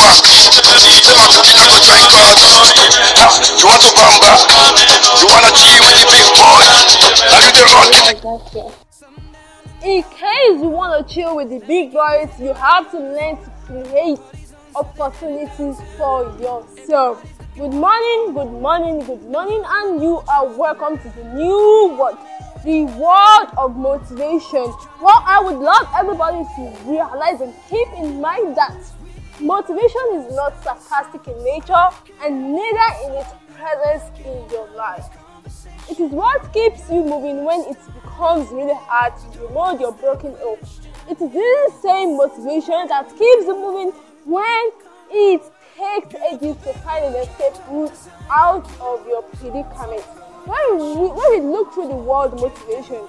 In case you wanna chill with the big boys, you have to learn to create opportunities for yourself. Good morning, good morning, good morning, and you are welcome to the new world, the world of motivation. Well, I would love everybody to realize and keep in mind that Motivation is not sarcastic in nature and neither is its presence in your life. It is what keeps you moving when it becomes really hard to mold your broken oak. It is this same motivation that keeps you moving when it takes ages to find an escape route out of your predicament. When we, when we look through the word motivation,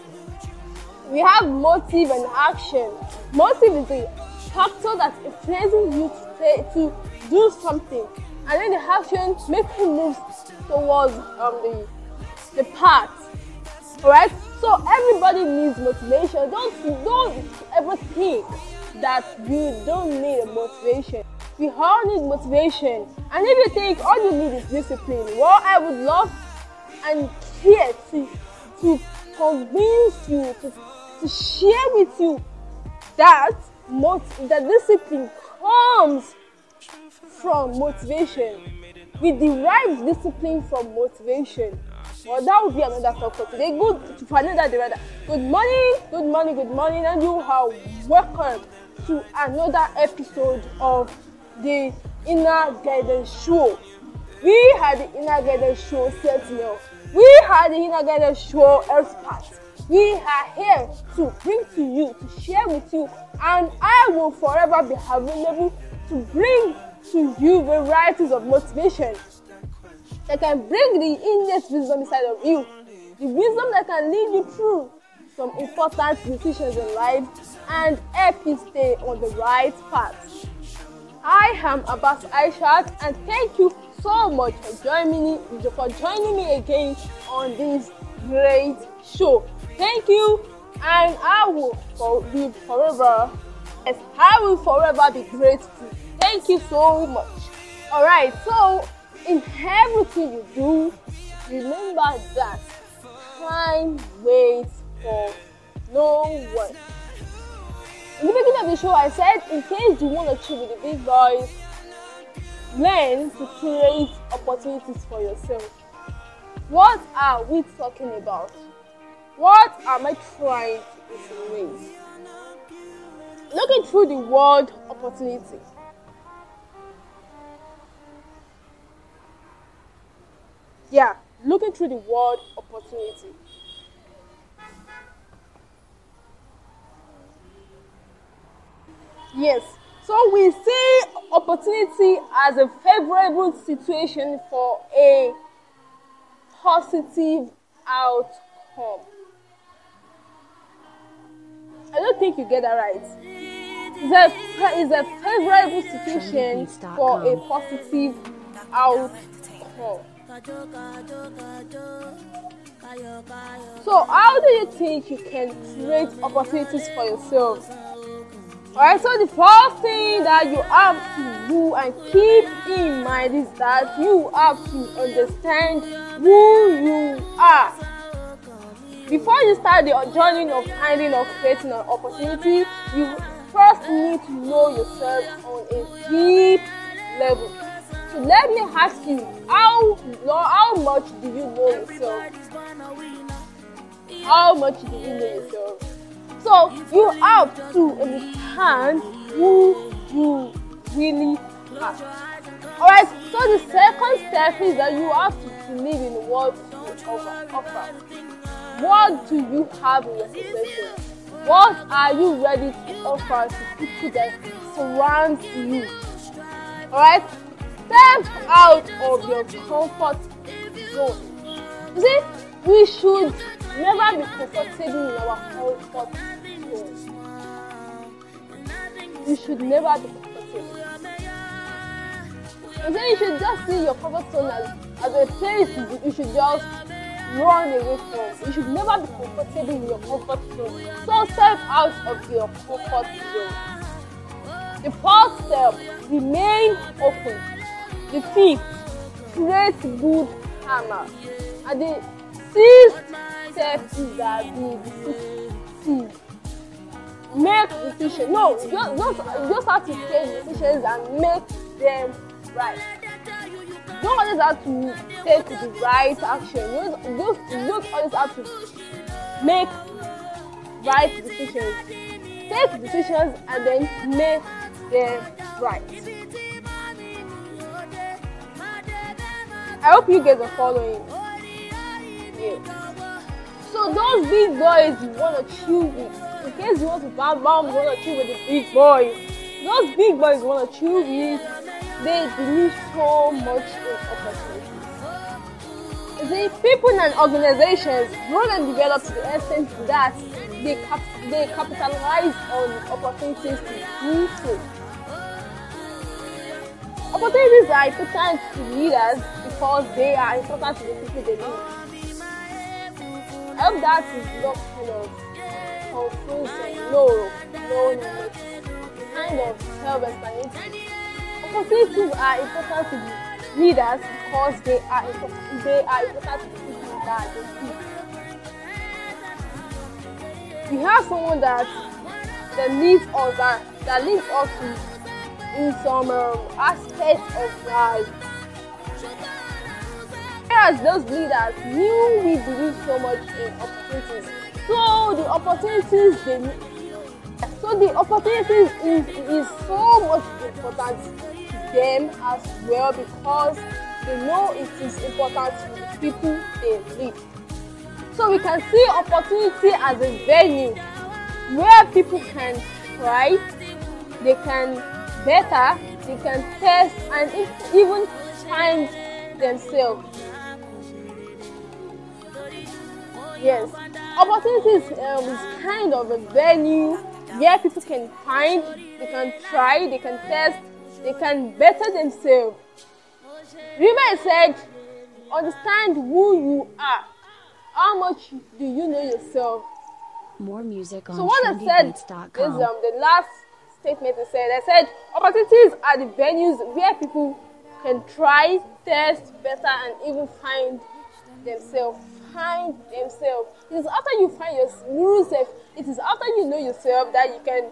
we have motive and action. Motive is the factor that influences you to, to do something, and then the action making moves towards um, the the path. Alright? So everybody needs motivation. Don't don't ever think that you don't need a motivation. We all need motivation. And if you think all you need is discipline, well I would love and care to to convince you to, to share with you that motive, that discipline comes from motivation. We derive discipline from motivation. Well, that would be another talk for today. good to another director. Good morning, good morning, good morning, and you are welcome to another episode of the Inner Guidance Show. We had the Inner Guidance Show set now. We had the Inner Guidance Show part we are here to bring to you, to share with you, and I will forever be available to bring to you varieties of motivation that can bring the innate wisdom inside of you, the wisdom that can lead you through some important decisions in life and help you stay on the right path. I am Abbas Aishat and thank you so much for joining me for joining me again on this great show. Thank you, and I will for, be forever, as I will forever be grateful. Thank you so much. All right, so in everything you do, remember that time waits for no one. In the beginning of the show, I said in case you want to chill with the big boys, learn to create opportunities for yourself. What are we talking about? What am I trying to insinuate? Looking through the word opportunity. Yeah, looking through the word opportunity. Yes, so we see opportunity as a favorable situation for a positive outcome. I don't think you get that right. It's a favorable situation for a positive outcome. So, how do you think you can create opportunities for yourself? Alright, so the first thing that you have to do and keep in mind is that you have to understand who you are. Before you start the journey of finding or creating an opportunity, you first need to know yourself on a deep level. So let me ask you, how how much do you know yourself? How much do you know yourself? So you have to understand who you really are. Alright, so the second step is that you have to believe in what you offer. What do you have in your possession? What are you ready to offer to people that surround you? Alright? Step out of your comfort zone. You see, we should never be comfortable in our comfort zone. You should never be comfortable. You see, you should just see your comfort zone as, as a place you should just run away from. You should never be comfortable in your comfort zone. So step out of your comfort zone. The first step, remain open. The fifth, create good karma. And the sixth step is that the decision. make decisions. No, just, just, just have to take decisions and make them right. don't always have to take the right action. You don't, don't, don't always have to make right decisions. Take decisions and then make them right. I hope you get the following. Yeah. So those big boys you want to chew with, in case you want to buy mom, you want to chew with the big boys. Those big boys want to chew with they believe so much in opportunities. The people and organizations grow and develop to the extent that they, cap- they capitalize on opportunities to do so. Opportunities are important to leaders because they are important to the people they lead. I hope that is not kind of confusing, no, no, no, kind of self-explanatory. Opportunities are important to leaders because they are important, they are important to people that they We have someone that that leads us that, that leads us to in some um, aspects of life. Whereas those leaders knew we believe so much in opportunities. So the opportunities they so the opportunities is, is so much important them as well because they know it is important to the people they lead. So we can see opportunity as a venue where people can try, they can better, they can test and even find themselves. Yes, opportunities um, is kind of a venue where people can find, they can try, they can test, they can better themselves. Rima said, Understand who you are. How much do you know yourself? More music on So, what I said is um, the last statement I said. I said, Opportunities are the venues where people can try, test better, and even find themselves. Find themselves. It is after you find your new self, it is after you know yourself that you can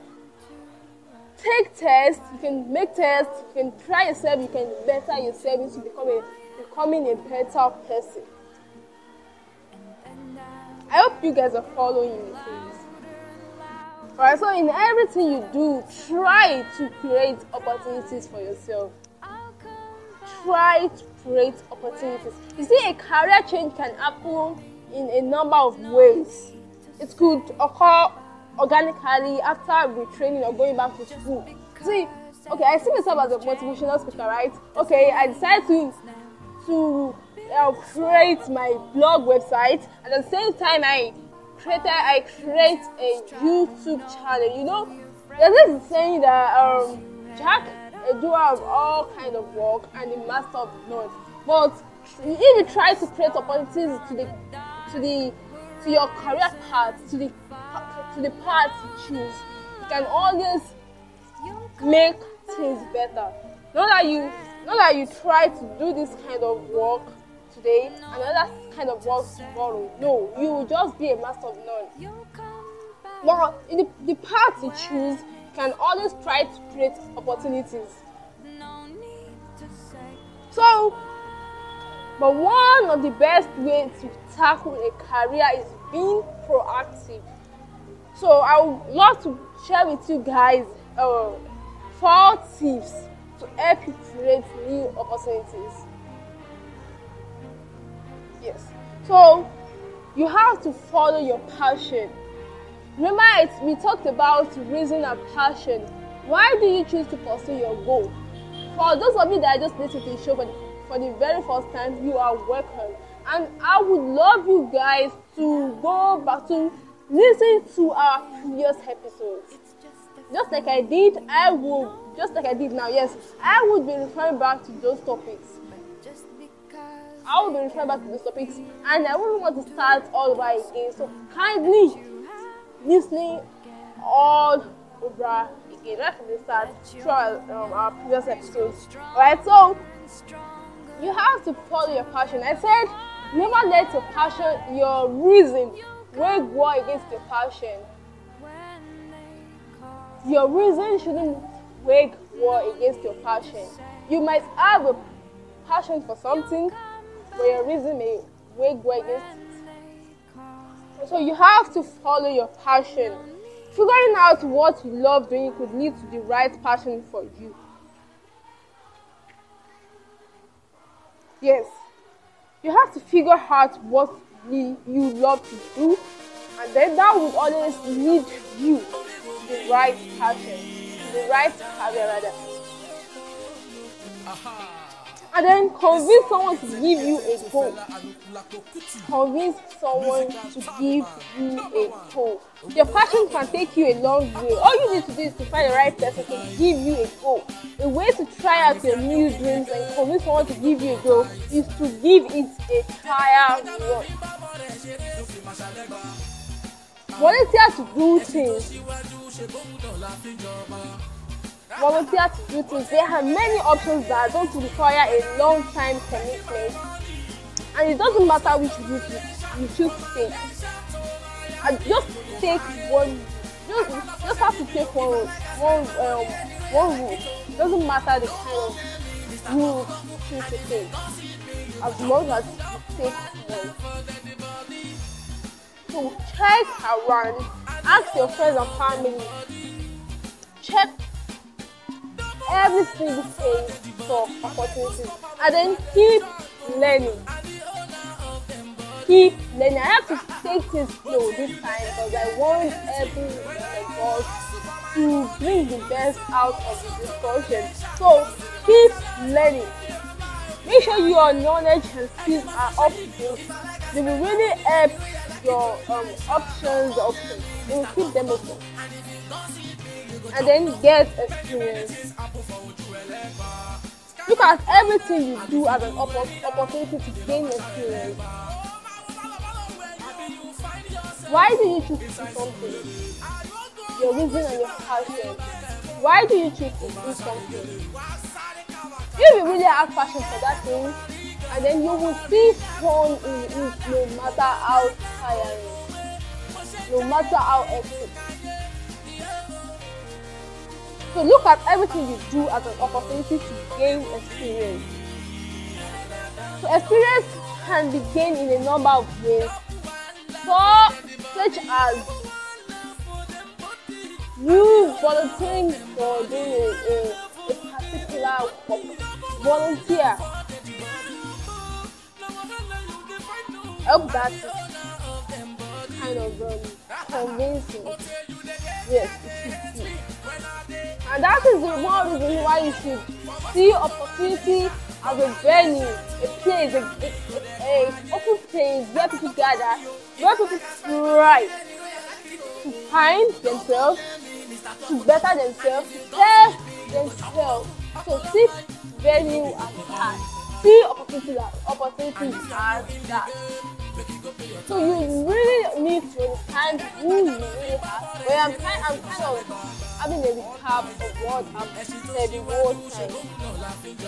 take tests, you can make tests, you can try yourself, you can better yourself into become a, becoming a better person. I hope you guys are following me, please. Alright, so in everything you do, try to create opportunities for yourself. Try to create opportunities. You see, a career change can happen in a number of ways. It could occur organically after retraining or going back to school. See, okay, I see myself as a motivational speaker, right? Okay, I decided to to uh, create my blog website and at the same time I created I create a YouTube channel. You know, there's this saying that um, Jack a doer of all kind of work and a master of none. But if you try to create opportunities to the to the to your career path, to the to the path you choose, you can always make things better. Not that you not that you try to do this kind of work today, another kind of work tomorrow. No, you will just be a master of none. But in the, the path you choose, you can always try to create opportunities. So, but one of the best ways to tackle a career is being proactive. So I would love to share with you guys uh, four tips to help you create new opportunities. Yes. So you have to follow your passion. Remember, we talked about reason and passion. Why do you choose to pursue your goal? For those of you that are just listening to the show for the, for the very first time, you are welcome and I would love you guys to go back to listen to our previous episodes. Just like I did, I would, just like I did now, yes, I would be referring back to those topics. I would be referring back to those topics, and I wouldn't want to start all over again. So kindly, listening all over again, let from the start, throughout um, our previous episodes. Alright, so you have to follow your passion. I said Never let your passion, your reason, wage war against your passion. Your reason shouldn't wage war against your passion. You might have a passion for something, but your reason may wage war against it. So you have to follow your passion. Figuring out what you love doing could lead to the right passion for you. Yes. you have to figure out what you love to do and then that will always lead you to the right passion to the right career rather. Aha. and then convince someone to give you a call convince someone to give you a call your passion can take you a long way all you need to do is to find the right person to give you a call a way to try out your new dreams and convince someone to give you a goal is to give it a trial run volunteer to do things. Volunteer duties, there are many options that don't require a long time commitment and it doesn't matter which route you, choose to take. And just take one, just, just have to take one one, um, one route. Doesn't matter the kind of route you choose to take, as long as you take one. So check around, ask your friends and family, check everything safe for opportunities and then keep learning keep learning i have to take things slow this time because i want every involved to bring the best out of the discussion so keep learning make sure your knowledge and skills are up to date they will really help your um, options the options they will keep them open and then get experience Look at everything you do as an opportunity to gain experience. Why do you choose to do something? Your reason and your passion. Why do you choose to do something? If you really have passion for that thing, and then you will see fun in it no matter how tiring, no matter how hectic. So look at everything you do as an opportunity to gain experience. So experience can be gained in a number of ways, for, such as you volunteering for doing a, a, a particular work. Volunteer. Help that kind of um, convincing. Yes, And that is the one reason why you should see opportunity as a venue, a place, a, a, a, open place where people gather, where people thrive to find themselves, to better themselves, to test themselves. So see venue as that. See opportunity as opportunity as that. So you really need to understand who you really are. But I'm kind, I'm kind of having a recap of what I've said, the whole time.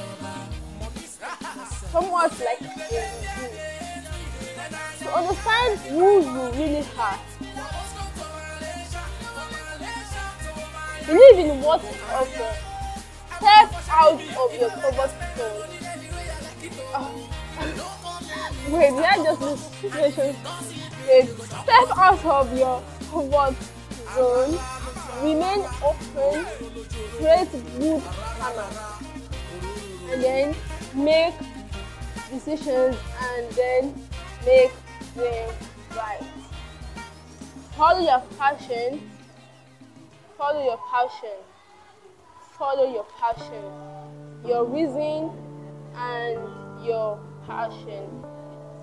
somewhat like a To understand who you really are. Believe in what what is offered. Step out of your comfort zone. Oh. Wait, did I just lose situation? Wait, step out of your comfort zone remain open, create good karma, and then make decisions and then make them right. Follow your passion. Follow your passion. Follow your passion. Your reason and your passion.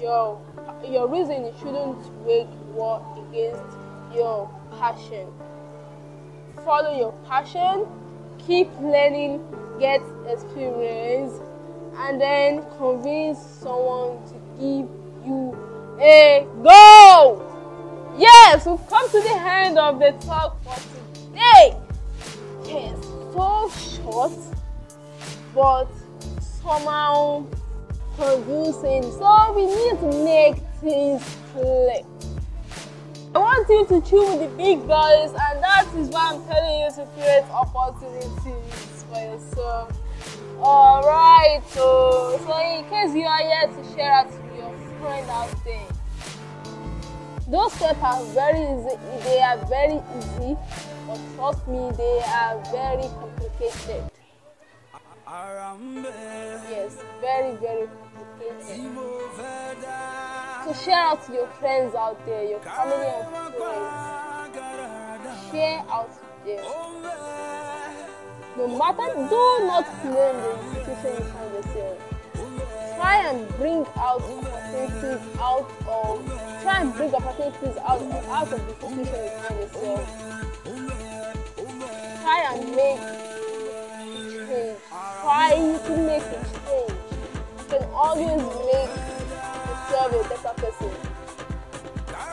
Your your reason shouldn't wage war against your passion follow your passion, keep learning, get experience, and then convince someone to give you a go. Yes, we've come to the end of the talk for today. Yes, so short, but somehow convincing. So we need to make things click. I want you to chew with the big boys, and that is why I'm telling you to create opportunities for yourself. Alright, so, so in case you are here to share it with your friend out there, those steps are very easy. They are very easy, but trust me, they are very complicated. Yes, very, very complicated to share out to your friends out there, your family and friends. Share out there. No matter, do not blame the situation you find yourself. Try and bring out opportunities out of, try and bring opportunities out of, out of the situation you find yourself. Try and make change. Try to make a change. You can always make love a better person.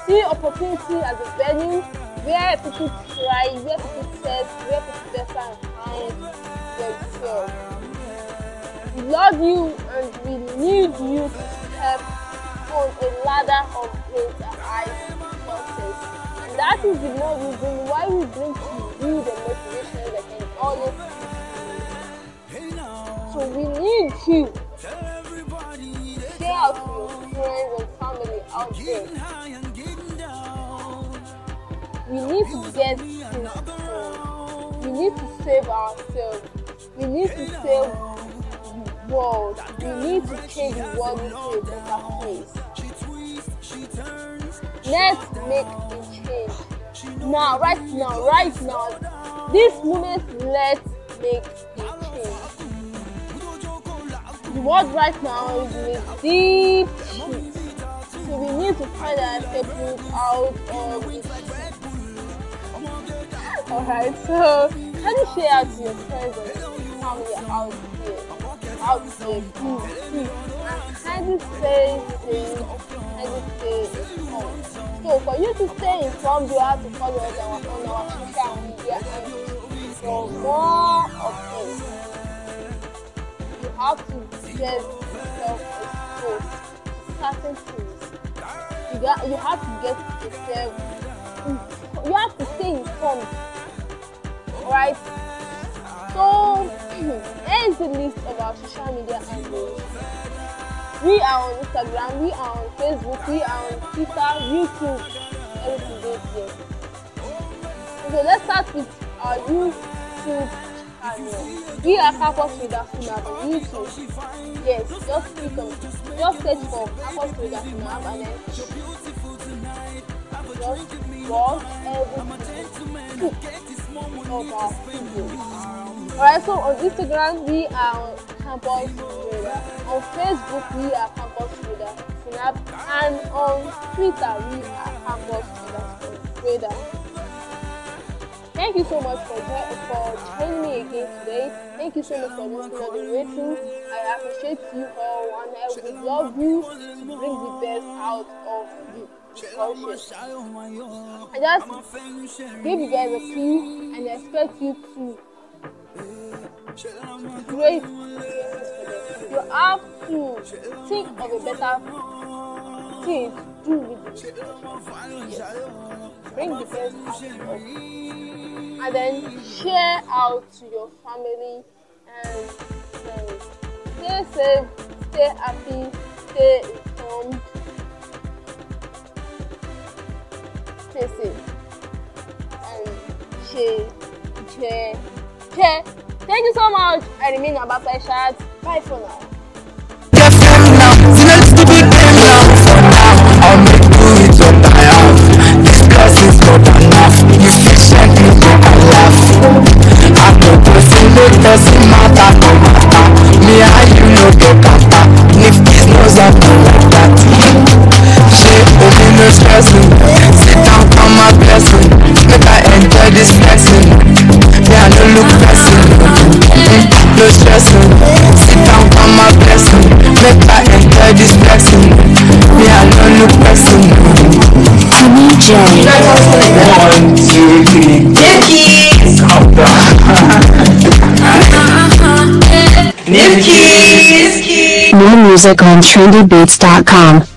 See opportunity as a venue where people try, where people test, where people better and find themselves. We love you and we need you to step on a ladder of great and high success. And that is the more reason why we bring to you the motivation that you always So we need you friends and family out there. We need to get to, we need to save ourselves. We need to save the world. We need to change the world into a better place. Let's make a change. Now, right now, right now. This moment, let's make a change. The world right now is in a deep shit. So we need to find an escape out of it. Alright, so can you share to your friends and family out there? Out there, please, please. And kindly say things, you stay informed. So for you to stay informed, you have to follow us on our, on our social media and for more of this. You have to get yourself a scope certain things you got you have to get yourself you have to stay informed right so here is the list of our social media handles we are on instagram we are on facebook we are on twitter youtube everything dey there okay let's start with our youtube and uh, we at Campus Readafuna on YouTube. Yes, just click on, just search for Campus Readafuna and then just watch everything of our videos. Alright, so on Instagram we are on Campus Reader, on Facebook we are Campus Reader, Funab, and on Twitter we are Campus Reader. Thank you so much for, for joining me again today. Thank you so much for watching all the I appreciate you all and I would love you to bring the best out of you. I just give you guys a few and I expect you to create you have to think of a better okay do with it. Yes. Bring the best out of it. And then share out to your family and friends. Um, stay safe, stay happy, stay informed. Stay safe. And share, share, share. Thank you so much. I remain about my chat. Bye for now. It doesn't matter, no matter Me and you no If knows I do like that She me no stressing Sit down on my blessing Make I enjoy this blessing. Me I no look pressing No stressing Sit down on my blessing Make I enjoy this blessing. Me I no look pressing DJ One, two, three More music on trendybeats.com.